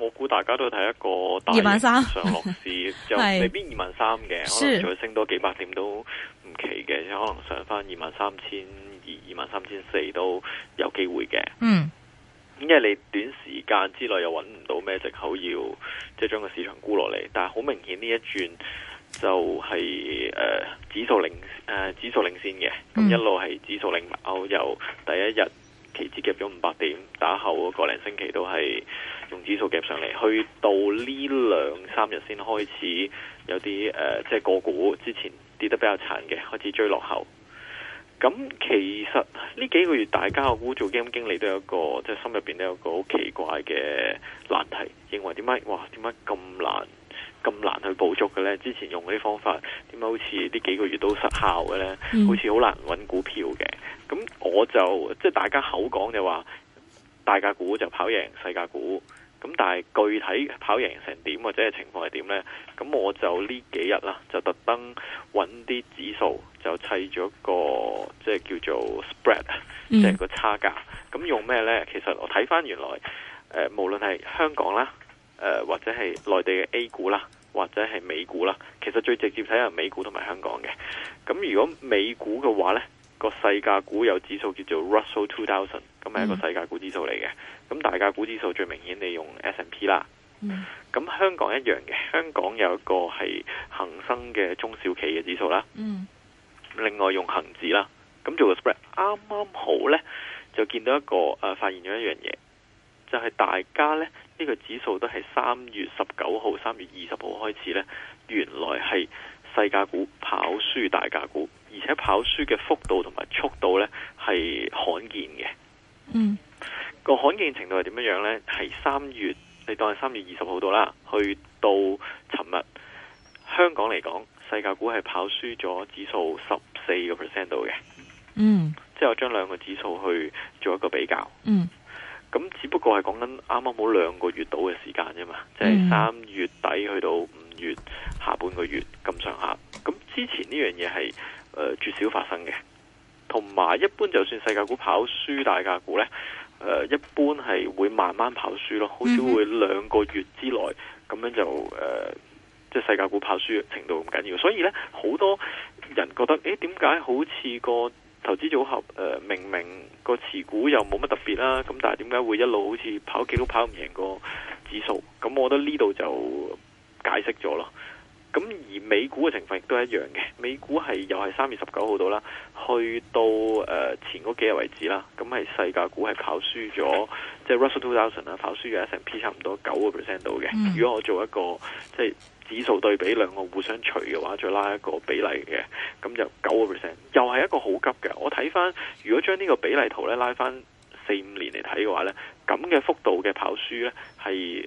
我估大家都睇一個大二萬三上落市，就未必二萬三嘅，是可能再升多幾百點都唔奇嘅，可能上返二萬三千二、二萬三千四都有機會嘅。嗯，因為你短時間之內又揾唔到咩借口要即係、就是、將個市場沽落嚟，但係好明顯呢一轉就係、是、誒、呃、指數領誒指數領先嘅，咁、嗯、一路係指數領，先，由第一日。期指夾咗五百點，打後嗰個零星期都係用指數夾上嚟，去到呢兩三日先開始有啲誒，即係個股之前跌得比較慘嘅，開始追落後。咁其實呢幾個月，大家我估做基金經理都有一個即係、就是、心入邊都有個好奇怪嘅難題，認為點解哇？點解咁難？咁難去捕捉嘅呢，之前用嗰啲方法，點解好似呢幾個月都失效嘅呢？Mm. 好似好難揾股票嘅。咁我就即係大家口講就話大價股就跑贏細價股，咁但係具體跑贏成點或者係情況係點呢？咁我就呢幾日啦、啊，就特登揾啲指數就砌咗個即係叫做 spread，mm. 即係個差價。咁用咩呢？其實我睇翻原來、呃、無論係香港啦，呃、或者係內地嘅 A 股啦。或者係美股啦，其實最直接睇下美股同埋香港嘅。咁如果美股嘅話呢，個世界股有指數叫做 Russell Two Thousand，咁係一個世界股指數嚟嘅。咁大價股指數最明顯利用 S&P 啦。咁、嗯、香港一樣嘅，香港有一個係恒生嘅中小企嘅指數啦。嗯、另外用恒指啦，咁做個 spread，啱啱好呢，就見到一個誒、呃，發現咗一樣嘢，就係、是、大家呢。呢個指數都係三月十九號、三月二十號開始呢，原來係細價股跑輸大價股，而且跑輸嘅幅度同埋速度呢係罕見嘅。嗯，個罕見程度係點樣樣呢？係三月，你當係三月二十號到啦，去到尋日，香港嚟講，細價股係跑輸咗指數十四個 percent 度嘅。嗯，即係我將兩個指數去做一個比較。嗯。咁只不過係講緊啱啱好兩個月到嘅時間啫嘛，即係三月底去到五月下半個月咁上下。咁之前呢樣嘢係誒絕少發生嘅，同埋一般就算世界股跑輸大價股呢，誒、呃、一般係會慢慢跑輸咯，好少會兩個月之內咁樣就誒即係世界股跑輸程度唔緊要。所以呢，好多人覺得誒點解好似個？投資組合誒、呃，明明個持股又冇乜特別啦、啊，咁但係點解會一路好似跑極都跑唔贏個指數？咁我覺得呢度就解釋咗咯。咁而美股嘅情況亦都一樣嘅，美股係又係三月十九號到啦，去到誒、呃、前嗰幾日為止啦，咁係世界股係跑輸咗，即、就、係、是、Russell Two Thousand 啊，跑輸咗成 P 差唔多九個 percent 度嘅。嗯、如果我做一個即係、就是、指數對比兩個互相除嘅話，再拉一個比例嘅，咁就九個 percent，又係一個好急嘅。我睇翻，如果將呢個比例圖咧拉翻四五年嚟睇嘅話咧，咁嘅幅度嘅跑輸咧係誒，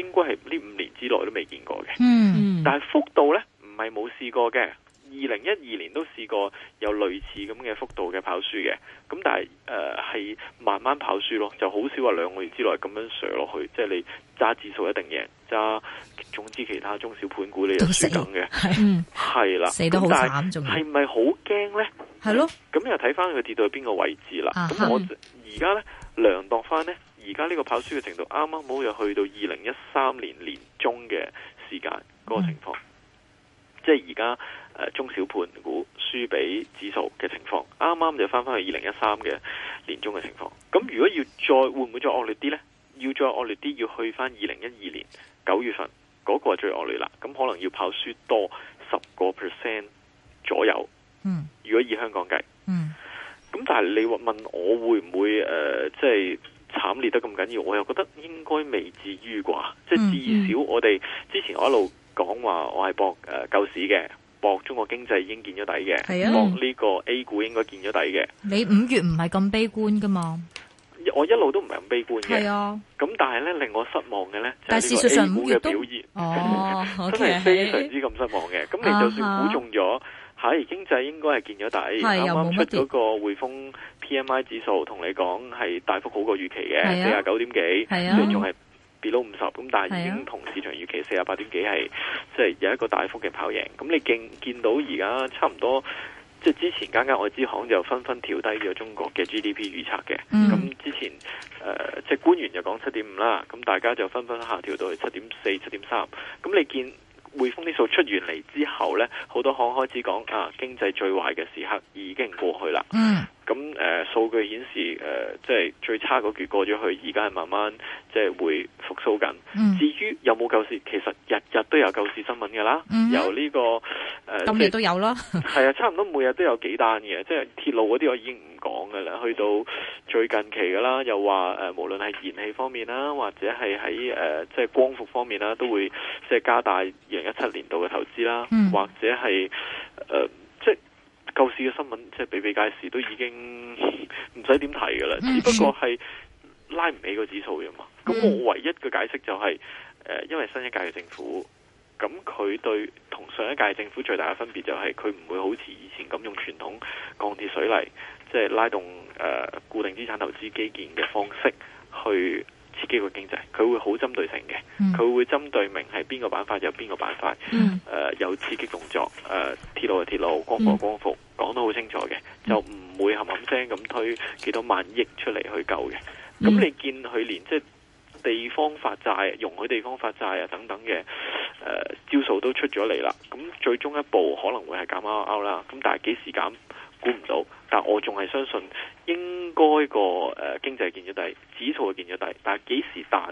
應該係呢五年之內都未見過嘅，嗯、但係幅度呢唔係冇試過嘅。二零一二年都試過有類似咁嘅幅度嘅跑輸嘅，咁但係誒係慢慢跑輸咯，就好少話兩個月之內咁樣上落去，即係你揸指數一定贏，揸總之其他中小盤股你都輸緊嘅，係啦，但係係咪好驚呢？係咯，咁又睇翻佢跌到去邊個位置啦。咁、啊、我而家呢，量度翻呢。而家呢個跑輸嘅程度，啱啱好又去到二零一三年年中嘅時間嗰、嗰個情況，mm. 即係而家誒中小盤股輸俾指數嘅情況，啱啱就翻返去二零一三嘅年中嘅情況。咁如果要再會唔會再惡劣啲呢？要再惡劣啲，要去翻二零一二年九月份嗰、嗰個係最惡劣啦。咁可能要跑輸多十個 percent 左右。嗯，mm. 如果以香港計，嗯，咁但係你問問我會唔會誒、呃、即係？慘烈得咁緊要，我又覺得應該未至於啩，即係、嗯、至少我哋之前我一路講話我係博誒舊、呃、市嘅，博中國經濟已經見咗底嘅，啊、博呢個 A 股應該見咗底嘅。你五月唔係咁悲觀噶嘛？我一路都唔係咁悲觀嘅，係啊。咁但係咧令我失望嘅咧，就係 A 股嘅表現，真係非常之咁失望嘅。咁你就算估中咗，吓、啊哈哎、經濟應該係見咗底，啱啱、啊、出咗個匯豐。P M I 指數同你講係大幅好過預期嘅，四啊九點幾，雖、啊、然仲係跌落五十，咁但係已經同市場預期四啊八點幾係，即、就、係、是、有一個大幅嘅跑贏。咁你見見到而家差唔多，即係之前間間外資行就紛紛調低咗中國嘅 G D P 預測嘅。咁、嗯、哼之前誒、呃、即係官員就講七點五啦，咁大家就紛紛下調到去七點四、七點三。咁你見？匯豐啲數出完嚟之後呢，好多行開始講啊，經濟最壞嘅時刻已經過去啦。嗯，咁、呃、數據顯示誒，即、呃、係、就是、最差嗰個月過咗去，而家係慢慢即係、就是、會復甦緊。嗯、至於有冇救市？其實日日都有救市新聞㗎啦，嗯、哼由呢、呢個。咁夜、呃、都有咯，係啊，差唔多每日都有幾單嘅，即係鐵路嗰啲我已經唔講噶啦。去到最近期噶啦，又話誒、呃，無論係燃氣方面啦，或者係喺誒即係光伏方面啦，都會即係加大二零一七年度嘅投資啦，嗯、或者係誒即係救市嘅新聞，即係比比皆是，都已經唔使點提噶啦，嗯、只不過係拉唔起個指數噶嘛。咁、嗯、我唯一嘅解釋就係、是、誒、呃，因為新一屆嘅政府，咁佢對。上一屆政府最大嘅分別就係佢唔會好似以前咁用傳統鋼鐵水泥，即、就、係、是、拉動誒、呃、固定資產投資基建嘅方式去刺激個經濟。佢會好針對性嘅，佢會針對明係邊個板塊就有邊個板塊誒有刺激動作誒、呃，鐵路就鐵路，光伏光伏，講、嗯、得好清楚嘅，就唔會冚冚聲咁推幾多萬億出嚟去救嘅。咁你見佢連即係地方發債、容許地方發債啊等等嘅。誒，招數、呃、都出咗嚟啦，咁最終一步可能會係減拉勾啦，咁但係幾時減估唔到，但我仲係相信應該個誒、呃、經濟見咗底，指數係見咗底，但係幾時彈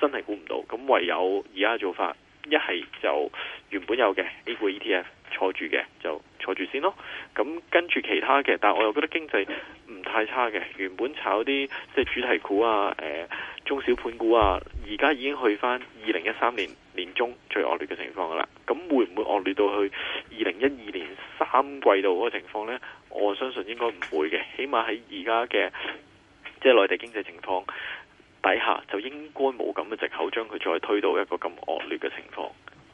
真係估唔到，咁唯有而家嘅做法，一係就原本有嘅 A 股 ETF 坐住嘅就坐住先咯，咁跟住其他嘅，但係我又覺得經濟唔太差嘅，原本炒啲即係主題股啊，誒、呃。中小盤股啊，而家已經去翻二零一三年年中最惡劣嘅情況噶啦，咁會唔會惡劣到去二零一二年三季度嗰個情況呢？我相信應該唔會嘅，起碼喺而家嘅即係內地經濟情況底下，就應該冇咁嘅藉口將佢再推到一個咁惡劣嘅情況。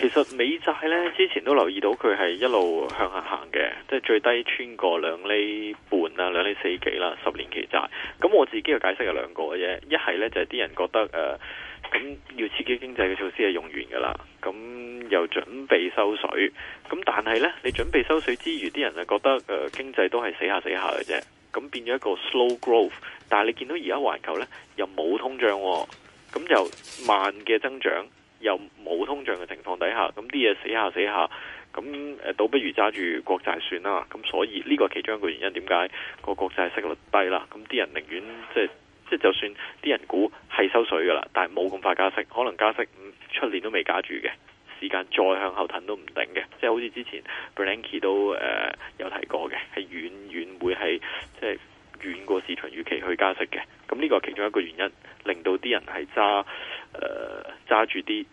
其實美債呢，之前都留意到佢係一路向下行嘅，即係最低穿過兩厘半啦，兩厘四幾啦，十年期債。咁我自己嘅解釋有兩個嘅啫，一係呢，就係、是、啲人覺得誒，咁、呃、要刺激經濟嘅措施係用完噶啦，咁又準備收水。咁但係呢，你準備收水之餘，啲人啊覺得誒、呃、經濟都係死下死下嘅啫，咁變咗一個 slow growth。但係你見到而家環球呢，又冇通脹、啊，咁就慢嘅增長。又冇通脹嘅情況底下，咁啲嘢死下死下，咁倒不如揸住國債算啦。咁所以呢個其中一個原因，點解個國債息率低啦。咁啲人寧願即係即係就算啲人估係收水噶啦，但係冇咁快加息，可能加息出年都未加住嘅，時間再向後騰都唔定嘅。即、就、係、是、好似之前 Bernanke 都有提過嘅，係遠遠會係。即係。遠過市場預期去加息嘅，咁呢個係其中一個原因，令到啲人係揸，誒、呃、揸住啲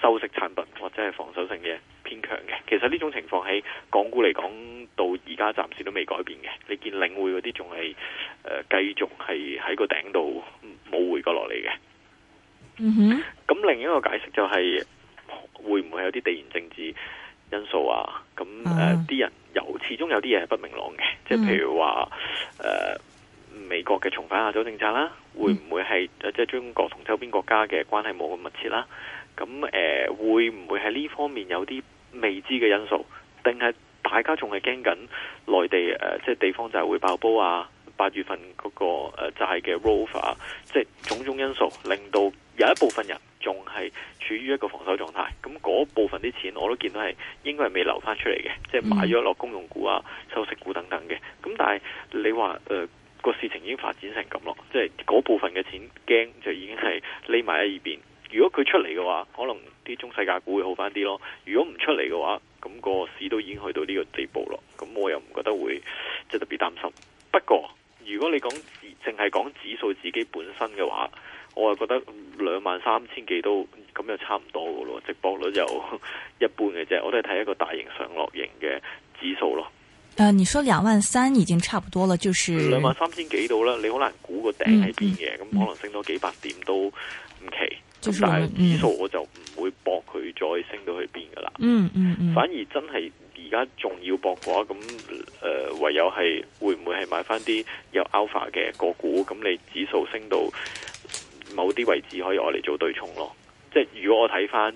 收息產品或者係防守性嘅偏強嘅。其實呢種情況喺港股嚟講，到而家暫時都未改變嘅。你見領匯嗰啲仲係，誒、呃、繼續係喺個頂度冇回過落嚟嘅。嗯咁、mm hmm. 另一個解釋就係、係，會唔會有啲地緣政治？因素啊，咁誒啲人有始終有啲嘢係不明朗嘅，即係譬如話誒、mm. 呃、美國嘅重返亞洲政策啦，會唔會係、mm. 即係中國同周邊國家嘅關係冇咁密切啦？咁誒、呃、會唔會係呢方面有啲未知嘅因素？定係大家仲係驚緊內地誒、呃、即係地方就係會爆煲啊？八月份嗰、嗰個誒、呃、債嘅 rollover 啊，即係種種因素令到有一部分人。仲係處於一個防守狀態，咁嗰部分啲錢我都見到係應該係未流翻出嚟嘅，即係買咗落公用股啊、收息股等等嘅。咁但係你話誒個事情已經發展成咁咯，即係嗰部分嘅錢驚就已經係匿埋喺耳邊。如果佢出嚟嘅話，可能啲中細價股會好翻啲咯。如果唔出嚟嘅話，咁個市都已經去到呢個地步咯。咁我又唔覺得會即係特別擔心。不過如果你講淨係講指數自己本身嘅話，我係覺得兩萬三千幾都咁又差唔多嘅咯，值博率就一般嘅啫。我都係睇一個大型上落型嘅指數咯。誒，uh, 你說兩萬三已經差唔多喇，就是兩萬三千幾度喇。你好難估個頂喺邊嘅，咁、嗯嗯、可能升多幾百點都唔奇。就是、但係指數我就唔會博佢再升到去邊噶啦。嗯嗯，嗯反而真係而家仲要博嘅話，咁誒、呃、唯有係會唔會係買翻啲有 alpha 嘅個股？咁你指數升到。某啲位置可以我嚟做對沖咯，即係如果我睇翻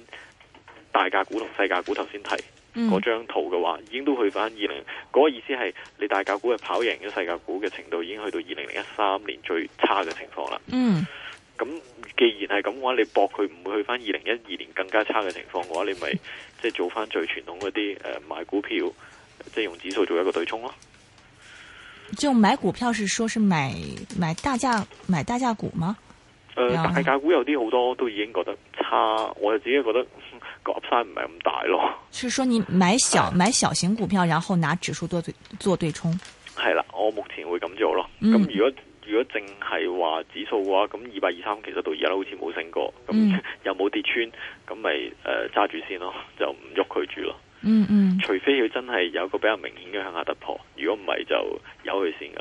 大價股同細價股頭先睇嗰張圖嘅話，嗯、已經都去翻二零嗰個意思係你大價股係跑贏咗細價股嘅程度，已經去到二零零一三年最差嘅情況啦。嗯，咁既然係咁嘅話，你博佢唔會去翻二零一二年更加差嘅情況嘅話，你咪即係做翻最傳統嗰啲誒買股票，即係用指數做一個對沖咯。就買股票是說，是買買大價買大價股嗎？誒，呃嗯、大價股有啲好多都已經覺得差，我就自己覺得個 upside 唔係咁大咯。即係說你買小、嗯、買小型股票，然後拿指數做做對沖？係啦，我目前會咁做咯。咁如果如果淨係話指數嘅話，咁二百二三其實到而家都好似冇升過，咁又冇跌穿，咁咪誒揸住先咯，就唔喐佢住咯。嗯嗯，除非佢真係有個比較明顯嘅向下突破，如果唔係就由佢先噶。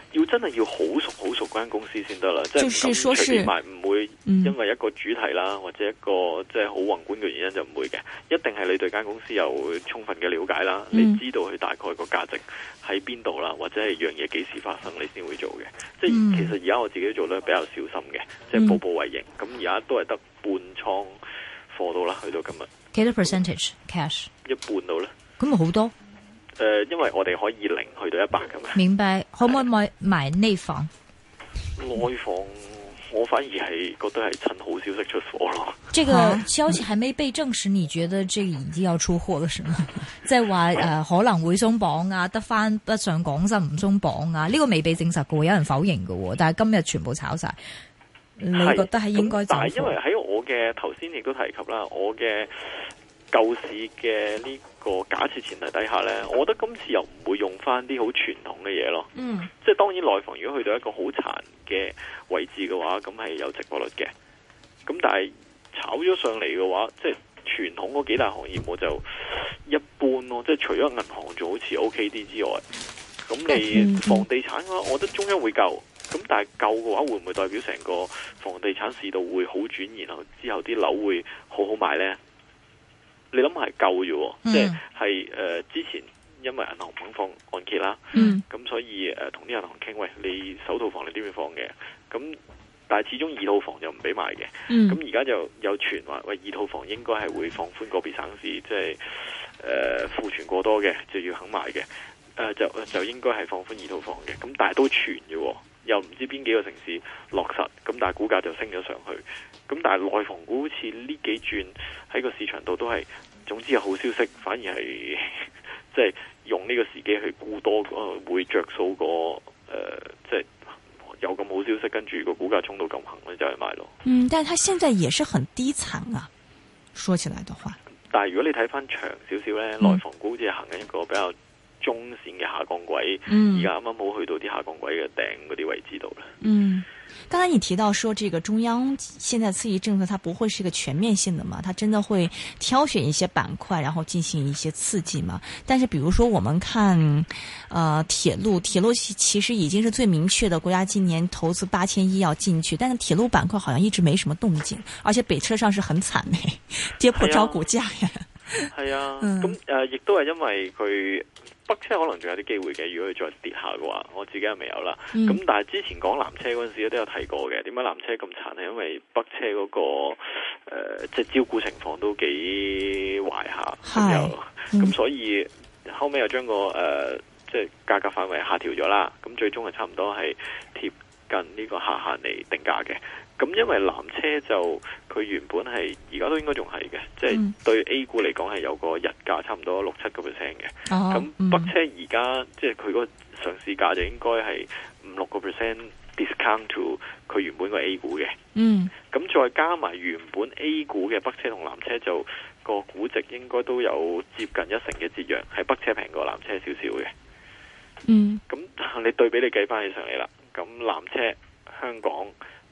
要真係要好熟好熟嗰間公司先得啦，即係唔敢唔會因為一個主題啦，嗯、或者一個即係好宏觀嘅原因就唔會嘅。一定係你對間公司有充分嘅了解啦，嗯、你知道佢大概個價值喺邊度啦，或者係樣嘢幾時發生你先會做嘅。即係、嗯、其實而家我自己做咧比較小心嘅，即係步步為營。咁而家都係得半倉貨到啦，去到今日。幾多 percentage cash？一半到啦，咁好多？誒、呃，因為我哋可以零去到一百咁樣！明白，可唔可以買內房？內房，我反而係覺得係趁好消息出貨咯。這個消息還沒被證實，嗯、你覺得這個已經要出貨了、嗯、就是嗎？即係話誒，可能會鬆綁啊，得返北上廣深唔鬆綁啊？呢、這個未被證實嘅，有人否認嘅，但係今日全部炒晒。你覺得係應該？但係因為喺我嘅頭先亦都提及啦，我嘅。舊市嘅呢個假設前提底下呢，我覺得今次又唔會用翻啲好傳統嘅嘢咯。嗯，mm. 即係當然內房如果去到一個好殘嘅位置嘅話，咁係有值博率嘅。咁但係炒咗上嚟嘅話，即係傳統嗰幾大行業我就一般咯。即係除咗銀行仲好似 OK 啲之外，咁你房地產嘅話，我覺得中央會救。咁但係救嘅話，會唔會代表成個房地產市道會好轉，然後之後啲樓會好好賣呢？你諗下夠咋喎，嗯、即係誒、呃、之前因為銀行唔肯放按揭啦，咁、嗯、所以同啲、呃、銀行傾，喂，你首套房你點樣放嘅？咁但係始終二套房就唔俾賣嘅。咁而家就有傳話，喂，二套房應該係會放寬個別省市，即係誒庫存過多嘅就要肯賣嘅、呃，就就應該係放寬二套房嘅。咁但係都傳咋喎。又唔知邊幾個城市落實，咁但係股價就升咗上去。咁但係內房股好似呢幾轉喺個市場度都係，總之有好消息，反而係即係用呢個時機去沽多，誒、呃、會着數個誒，即、呃、係、就是、有咁好消息，跟住個股價衝到咁行咧，就去、是、買咯。嗯，但係佢現在也是很低層啊，說起來的話。但係如果你睇翻長少少咧，內房股好似係行緊一個比較，中線嘅下降軌，而家啱啱冇去到啲下降軌嘅頂嗰啲位置度。嗯，剛才你提到說，這個中央現在刺激政策，它不會是一個全面性的嘛？它真的會挑選一些板塊，然後進行一些刺激嘛？但是，比如說我們看，呃，鐵路，鐵路其實已經是最明確的，國家今年投資八千億要進去，但是鐵路板塊好像一直沒什麼動靜，而且北車上是很慘嘅，跌破招股價呀。係啊，咁 嗯啊呃、亦都係因為佢。北車可能仲有啲機會嘅，如果佢再跌下嘅話，我自己又未有啦。咁、嗯、但係之前講南車嗰陣時都有提過嘅，點解南車咁殘係因為北車嗰、嗰個誒即係招股情況都幾壞下，咁咁所以後尾又將個誒即係價格範圍下調咗啦，咁最終係差唔多係貼近呢個下限嚟定價嘅。咁，因為南車就佢原本係而家都應該仲係嘅，即係對 A 股嚟講係有個日價差唔多六七個 percent 嘅。咁、啊、北車而家、嗯、即係佢個上市價就應該係五六個 percent discount to 佢原本個 A 股嘅。嗯，咁再加埋原本 A 股嘅北車同南車就個估值應該都有接近一成嘅折讓，係北車平過南車少少嘅。嗯，咁但係你對比你計翻起上嚟啦，咁南車香港。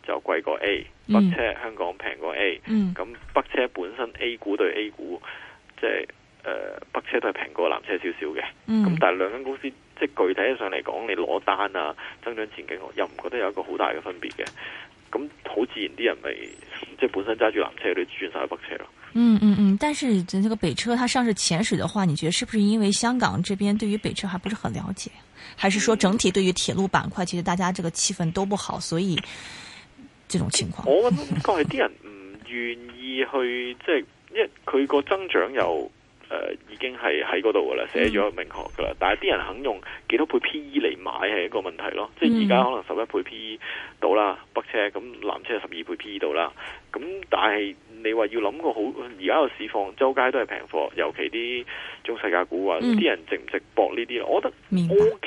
就貴過 A，北車、嗯、香港平過 A，咁、嗯、北車本身 A 股對 A 股，即係誒北車都係平過南車少少嘅，咁、嗯、但係兩間公司即係、就是、具體上嚟講，你攞單啊，增長前景又唔覺得有一個好大嘅分別嘅，咁好自然啲人咪即係本身揸住南車嗰啲轉晒去北車咯、嗯。嗯嗯嗯，但是這個北車它上市潛水的話，你覺得是不是因為香港這邊對於北車還不是很了解，還是說整體對於鐵路板塊其實大家這個氣氛都不好，所以？這種情況， 我覺得係啲人唔願意去，即係因為佢個增長又誒、呃、已經係喺嗰度噶啦，寫咗明確噶啦。但係啲人肯用幾多倍 P E 嚟買係一個問題咯。即係而家可能十一倍 P E 到啦，北車，咁南車十二倍 P E 到啦。咁但係你話要諗個好，而家個市況周街都係平貨，尤其啲中世界股啊，啲、嗯、人值唔值搏呢啲？我覺得、OK